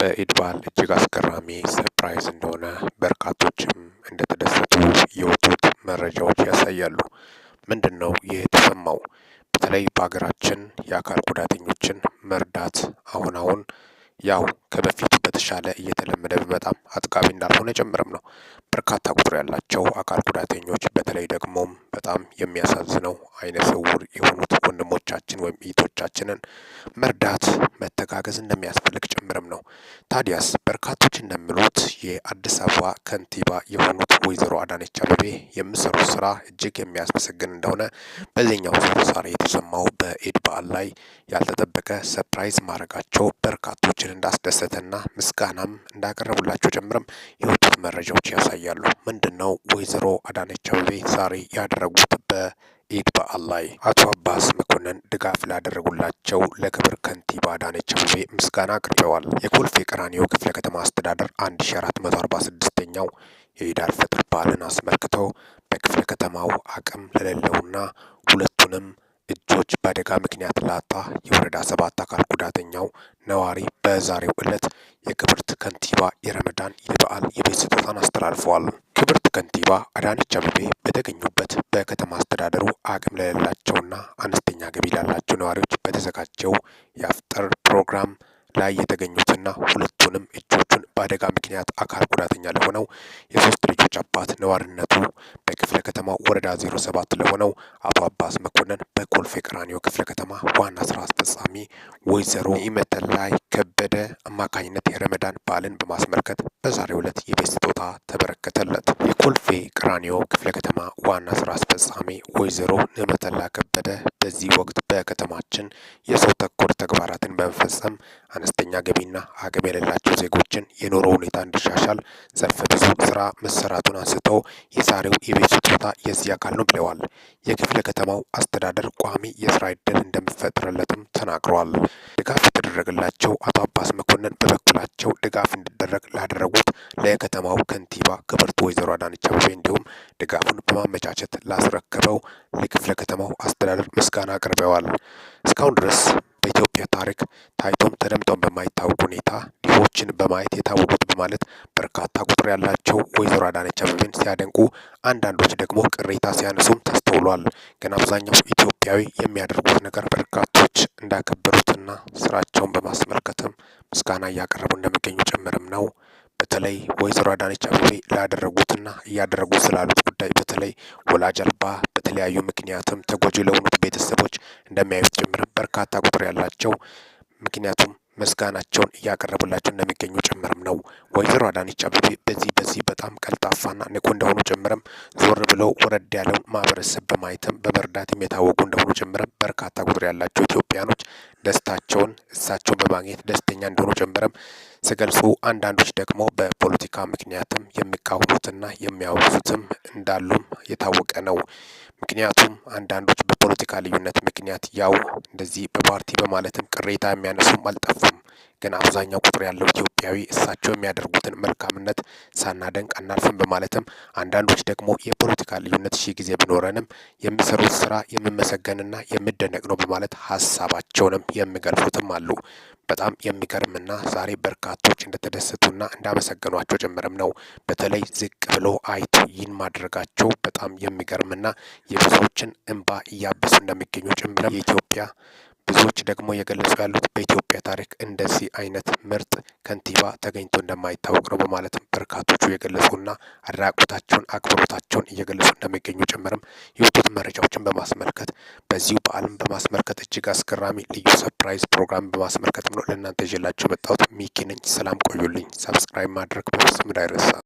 በኢድ በዓል እጅግ አስገራሚ ሰርፕራይዝ እንደሆነ በርካቶችም እንደተደሰቱ የወጡት መረጃዎች ያሳያሉ። ምንድን ነው ይህ የተሰማው? በተለይ በሀገራችን የአካል ጉዳተኞችን መርዳት አሁን አሁን ያው ከበፊቱ በተሻለ እየተለመደ በመጣም አጥቃቢ እንዳልሆነ ጭምርም ነው። በርካታ ቁጥር ያላቸው አካል ጉዳተኞች በተለይ ደግሞ በጣም የሚያሳዝነው አይነ ስውር የሆኑት ወንድሞቻችን ወይም እህቶቻችንን መርዳት መተጋገዝ እንደሚያስፈልግ ጭምርም ነው። ታዲያስ በርካቶች እንደሚሉት የአዲስ አበባ ከንቲባ የሆኑት ወይዘሮ አዳነች አቤቤ የሚሰሩት ስራ እጅግ የሚያስመሰግን እንደሆነ በዚህኛው ዙር የተሰማው በኢድ በዓል ላይ ያልተጠበቀ ሰርፕራይዝ ማድረጋቸው በርካቶችን እንዳስደሰተና ምስጋናም እንዳቀረቡላቸው ጭምርም የወጡት መረጃዎች ያሳያል። ይታያሉ። ምንድን ነው ወይዘሮ አዳነች አቤቤ ዛሬ ያደረጉት በኢድ በዓል ላይ? አቶ አባስ መኮንን ድጋፍ ላደረጉላቸው ለክብር ከንቲባ አዳነች አቤቤ ምስጋና አቅርበዋል። የኮልፌ ቀራኒዮ ክፍለ ከተማ አስተዳደር 1446ኛው የኢድ አል በዓልን አስመልክተው በክፍለ ከተማው አቅም ለሌለውና ሁለቱንም እጆች በአደጋ ምክንያት ላጣ የወረዳ ሰባት አካል ጉዳተኛው ነዋሪ በዛሬው ዕለት የክብርት ከንቲባ የረመዳን የበዓል የቤት ስጦታን አስተላልፈዋል። ክብርት ከንቲባ አዳነች አቤቤ በተገኙበት በከተማ አስተዳደሩ አቅም ለሌላቸውና አነስተኛ ገቢ ላላቸው ነዋሪዎች በተዘጋጀው የአፍጠር ፕሮግራም ላይ የተገኙትና ሁለቱንም እጆቹን በአደጋ ምክንያት አካል ጉዳተኛ ለሆነው የሶስት ልጆች አባት ነዋሪነቱ በክፍለ ከተማ ወረዳ 07 ለሆነው አቶ አባስ መኮንን በኮልፌ ቀራኒዮ ክፍለ ከተማ ዋና ስራ አስፈጻሚ ወይዘሮ ኢመተላይ ከበደ አማካኝነት የረመዳን በዓልን በማስመልከት በዛሬው ዕለት የቤት ስጦታ ተበረከተለት። የኮልፌ ቀራኒዮ ክፍለ ከተማ ዋና ስራ አስፈጻሚ ወይዘሮ ኢመተላይ ከበደ በዚህ ወቅት በከተማችን የሰው ተኮር ተግባራትን በመፈጸም አነስተኛ ገቢና አቅም የሌላቸው ዜጎችን የኑሮ ሁኔታ እንዲሻሻል ዘርፈ ብዙ ስራ መሰራቱን አንስተው የዛሬው የቤት ስጦታ የዚህ አካል ነው ብለዋል። የክፍለ ከተማው አስተዳደር ቋሚ የስራ እድል እንደሚፈጥርለትም ተናግረዋል። ድጋፍ የተደረገላቸው አቶ አባስ መኮንን በበኩላቸው ድጋፍ እንዲደረግ ላደረጉት ለከተማው ከንቲባ ክብርት ወይዘሮ አዳነች አቤቤ እንዲሁም ድጋፉን በማመቻቸት ላስረከበው ለክፍለ ከተማው አስተዳደር ምስጋና አቅርበዋል። እስካሁን ድረስ በኢትዮጵያ ታሪክ ታይቶም ተደምጦም በማይታወቅ ሁኔታ ዲፎችን በማየት የታወቁት በማለት በርካታ ቁጥር ያላቸው ወይዘሮ አዳነች አበቤን ሲያደንቁ፣ አንዳንዶች ደግሞ ቅሬታ ሲያነሱም ተስተውሏል። ግን አብዛኛው ኢትዮጵያዊ የሚያደርጉት ነገር በርካቶች እንዳከበሩትና ስራቸውን በማስመልከትም ምስጋና እያቀረቡ እንደሚገኙ ጭምርም ነው። በተለይ ወይዘሮ አዳነች አቤቤ ላደረጉትና እያደረጉት ስላሉት ጉዳይ በተለይ ወላጅ አልባ በተለያዩ ምክንያትም ተጎጂ ለሆኑት ቤተሰቦች እንደሚያዩት ጭምርም በርካታ ቁጥር ያላቸው ምክንያቱም ምስጋናቸውን እያቀረቡላቸው እንደሚገኙ ጭምርም ነው። ወይዘሮ አዳነች አቤቤ በዚህ በዚህ በጣም ቀልጣፋና ንቁ እንደሆኑ ጭምርም ዞር ብለው ወረድ ያለውን ማህበረሰብ በማየትም በመርዳትም የታወቁ እንደሆኑ ጭምርም በርካታ ቁጥር ያላቸው ኢትዮጵያኖች ደስታቸውን እሳቸውን በማግኘት ደስተኛ እንደሆኑ ጀምረም ሲገልጹ፣ አንዳንዶች ደግሞ በፖለቲካ ምክንያትም የሚቃወሙትና የሚያወሱትም እንዳሉም የታወቀ ነው። ምክንያቱም አንዳንዶች በፖለቲካ ልዩነት ምክንያት ያው እንደዚህ በፓርቲ በማለትም ቅሬታ የሚያነሱም አልጠፉም። ግን አብዛኛው ቁጥር ያለው ኢትዮጵያዊ እሳቸው የሚያደርጉትን መልካምነት ሳናደንቅ አናልፍም በማለትም አንዳንዶች ደግሞ የፖለቲካ ልዩነት ሺህ ጊዜ ቢኖረንም የሚሰሩት ስራ የምመሰገንና የምደነቅ ነው በማለት ሀሳባቸውንም የሚገልጹትም አሉ። በጣም የሚገርምና ዛሬ በርካቶች እንደተደሰቱና እንዳመሰገኗቸው ጭምርም ነው። በተለይ ዝቅ ብሎ አይቶ ይህን ማድረጋቸው በጣም የሚገርምና የብዙዎችን እንባ እያበሱ እንደሚገኙ ጭምርም የኢትዮጵያ ብዙዎች ደግሞ እየገለጹ ያሉት በኢትዮጵያ ታሪክ እንደዚህ አይነት ምርጥ ከንቲባ ተገኝቶ እንደማይታወቅ ነው በማለትም በርካቶቹ የገለጹና አድናቆታቸውን አክብሮታቸውን እየገለጹ እንደሚገኙ ጭምርም የወጡት መረጃዎችን በማስመልከት በዚሁ በዓልን በማስመልከት እጅግ አስገራሚ ልዩ ሰፕራይዝ ፕሮግራም በማስመልከት ነው ለእናንተ ይዤላችሁ የመጣሁት። ሚኪ ነኝ። ሰላም ቆዩልኝ። ሰብስክራይብ ማድረግ በፍጹም እንዳይረሳ።